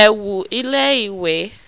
ẹ̀wù ilé ìwé